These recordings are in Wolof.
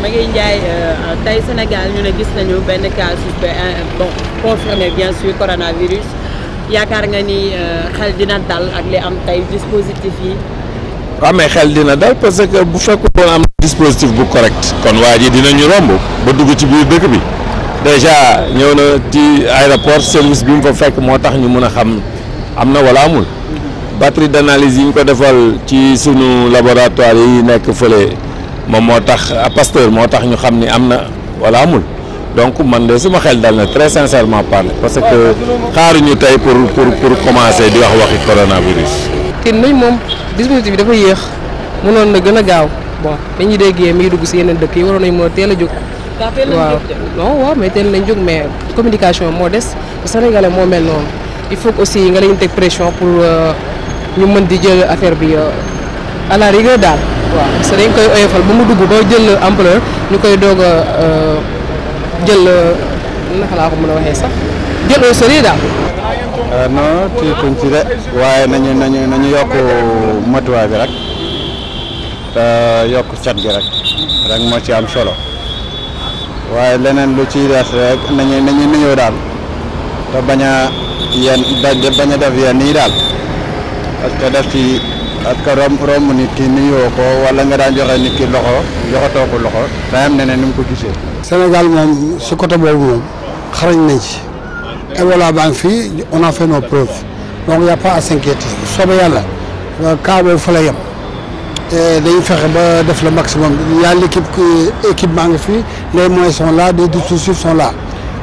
Maguette Ndiaye euh, tey Sénégal ñu ne gis nañu benn cas suspect euh, confirmé bien sûr coronavirus yaakaar nga ni euh, xel dina dal ak li am tey dispositif yi. waaw mais xel dina dal parce que bu fekkoon am dispositif bu correct kon waa ji dina ñu romb ba dugg ci biir dëkk bi déjà ñëw na ci aéroport service bi fa fekk moo tax ñu mën a xam. am na wala amul batterie d'analyse yi ñu ko defal ci sunu laboratoire yi nekk fële moom moo tax Pasteur moo tax ñu xam ni am na wala amul donc man de suma xel dal na très sincèrement parler parce que xaaruñu tey pour pour pour commencer di wax waxi coronavirus. te nañ moom dispositif bi dafa yéex mënoon na gën a gaaw bon ba ñu déggee mi dugg si yeneen dëkk yi waroon nañ mën a teel a jóg. waaw non waaw teel nañ jóg mais communication moo des Sénégalais moo mel noonu. il faut aussi nga leen teg pression pour euh, ñu mën di jël affaire bi euh, à la rigueur daal waaw parce que dañ koy oyofal ba mu dugg ba jël ampleur ñu koy doog a euh, jël naka ko mën a waxee sax jël au sérieux daal. non tiituñ ci de waaye nañu nañu nañu yokk matuwaay bi rek te yokk cat gi rek rek moo ci am solo waaye leneen lu ci des rek nañu nañu nuyoo daal te bañ yenn bañ a def yenn yi daal parce que def ci parce que romb romb nit ki nuyoo ko wala nga daan joxe nit ki loxo joxatoo ko loxo daa am ne ne ko gisee. Sénégal moom su côté boobu moom xarañ nañ ci Ebola baa ngi fii on a fait nos preuves donc y' a pas à soobee yàlla cas fa la yem dañu fexe ba def la maximum y' a maa ngi fii les la sont là les dispositifs sont là.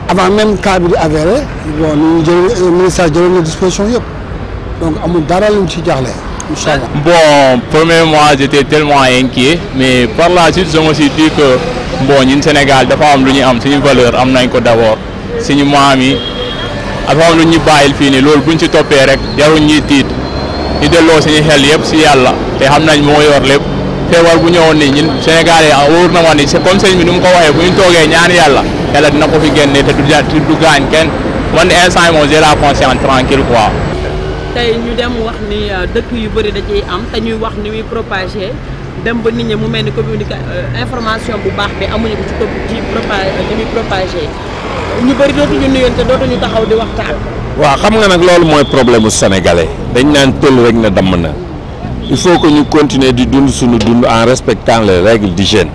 avant même cas bi di avéré bon ñu jël euh, ministère jëloon na disposition yëpp donc amul dara lu ci jaaxle incha allah. mois j' étais mais par la suite je me suis dit que ñun Sénégal dafa am lu ñu am suñu valeur am nañ ko d' abord suñu maam yi dafa am lu ñu bàyyil fii nii loolu buñ ci toppee rek yaruñ ñuy tiit ñu delloo suñu xel yëpp si yàlla te xam nañ moo yor lépp. feebar bu ñëwoon nii ñun Sénégal yi wóor na ma ni c'est comme bi ni mu ko waxee bu ñu toogee ñaan yàlla yàlla dina ko fi génne te du ja du gaañ kenn man instant yi moom j'ai la conscience tranquille quoi. tey ñu dem wax ni euh, dëkk yu bëri da ciy am te ñuy wax ni muy propagé mu mel ni communication euh, information bu baax bi amuñu ko ci ko ci propagé euh, li muy propagé ñu bëri dootuñu nuyoon te dootuñu taxaw di waxtaan. waaw xam nga nag loolu mooy problème bu dañ naan tël rek na damm na. il faut que ñu continuer di dund suñu dund en respectant les règles d'hygiène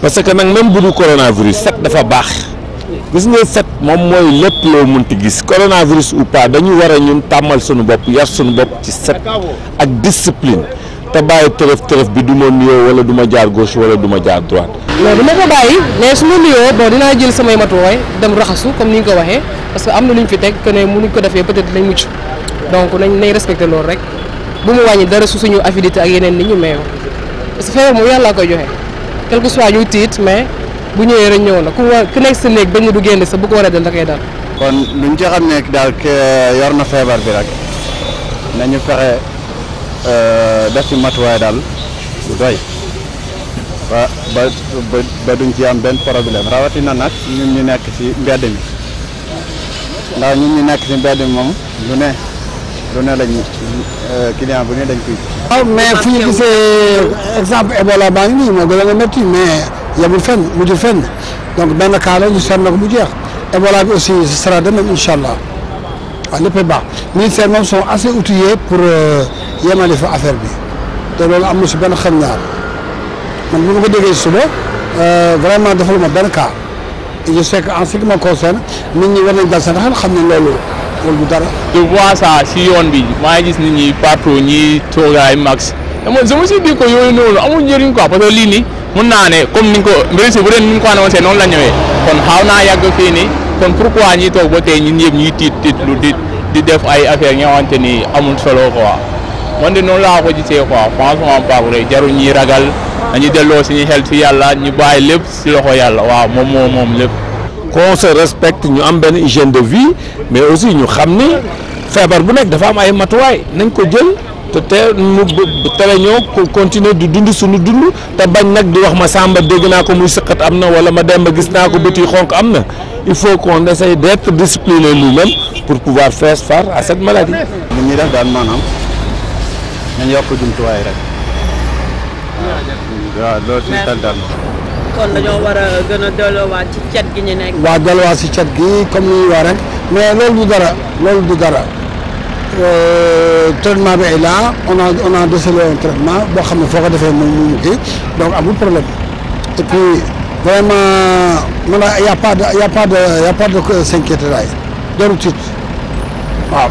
parce que nag même bu du coronavirus set dafa baax gis nga set moom mooy lépp loo munti gis coronavirus ou pas dañu war a ñun tàmmal suñu bopp yar suñu bopp ci set ak discipline te bàyyi tërëf tërëf bi du ma nuyoo wala du ma jaar gauche wala duma jaar droite. non du ma ko bàyyi mais su ma nuyoo bon dinaa jël samay matuwaay dem raxasu comme ni nga ko waxee parce que am na lu fi teg que ne mënuñ ko defee peut-être dinañ mucc donc nañ nañ loolu rek. bu mu wàññi dara su suñu affinité ak yeneen nit ñu mayoo parce que feebar moom yàlla koy joxe quelque soit ñu tiit mais bu ñëwee rek ñëw na ku war nekk sa néeg bañ du génn sa bu ko war a dal da dal. kon luñ ci xam ne daal euh, yor na feebar bi rek ñu fexe euh, def ci matuwaay daal bu doy ba ba duñ ci am benn problème rawatina nag ñun ñu nekk ci mbedd mi ndax ñun ñu nekk ci mbedd mi moom lu ne. lu ne lañ euh, client bu ne dañ koy. waaw mais fu ñu gisee exemple Ebola baa ngi nii moo gën a métti mais yemul fenn mujjul fenn donc benn cas la ñu seet na ko mu jeex Ebola bi aussi ce sera de même incha allah waaw lépp baax ministère moom sont assez outillés pour euh, yemale fa affaire bi te loolu am na si benn xam ñaar man bu ma ko déggee suba euh, vraiment defal ma benn cas je sais que en ce qui me concerne nit ñi war nañ dal seen xel xam ne loolu. wala du dara. je vois ça si yoon bi maa ngi gis nit ñi partout ñi toogaay max dama je me suis dit que yooyu noonu amul njëriñ quoi parce que lii nii mun naa ne comme ni ko mbir si bu dee ni ko annoncé noonu la ñëwee kon xaaw naa yàgg fii nii kon pourquoi ñi toog ba tey ñun ñëpp ñuy tiit tiit lu di def ay affaire ñoo xamante ni amul solo quoi man de noonu laa ko gisee quoi franchement parler jarul ñuy ragal dañuy delloo suñu xel si yàlla ñu bàyyi lépp si loxo yàlla waaw moom moom lépp. qu'on se ñu am benn hygiène de vie mais aussi ñu xam ni feebar bu nekk dafa am ay matuwaay nañ ko jël te te mu tere ñoo continuer di dund suñu dund te bañ nag di wax ma sàmba dégg naa ko muy sëqat am na wala ma demba gis naa ko bët yi xonk am na il faut qu'on essaye d'être discipliné lui-même pour pouvoir faire face à cette maladie. li ñuy def daal maanaam nañ yokk jumtuwaay rek waaw loolu si kon dañoo war a gën a delluwaat ci cet gi ñu nekk. waaw delluwaat si cet gi comme ni ñu wax mais loolu du dara loolu du dara euh, traitement bi ay là on a on a décelé un traitement boo xam ne foo ko defee moom mu kii donc amul problème et vraiment man y' a de y' a pas de y' a pas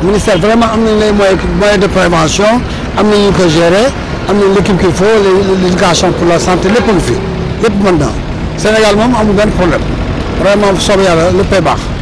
de vraiment am nañ les moyens moyens de prévention am nañu am nañ l' équipe qu'il faut la santé lépp a fi. lépp mën na Sénégal moom amul benn problème vraiment bu soobee yàlla léppay baax.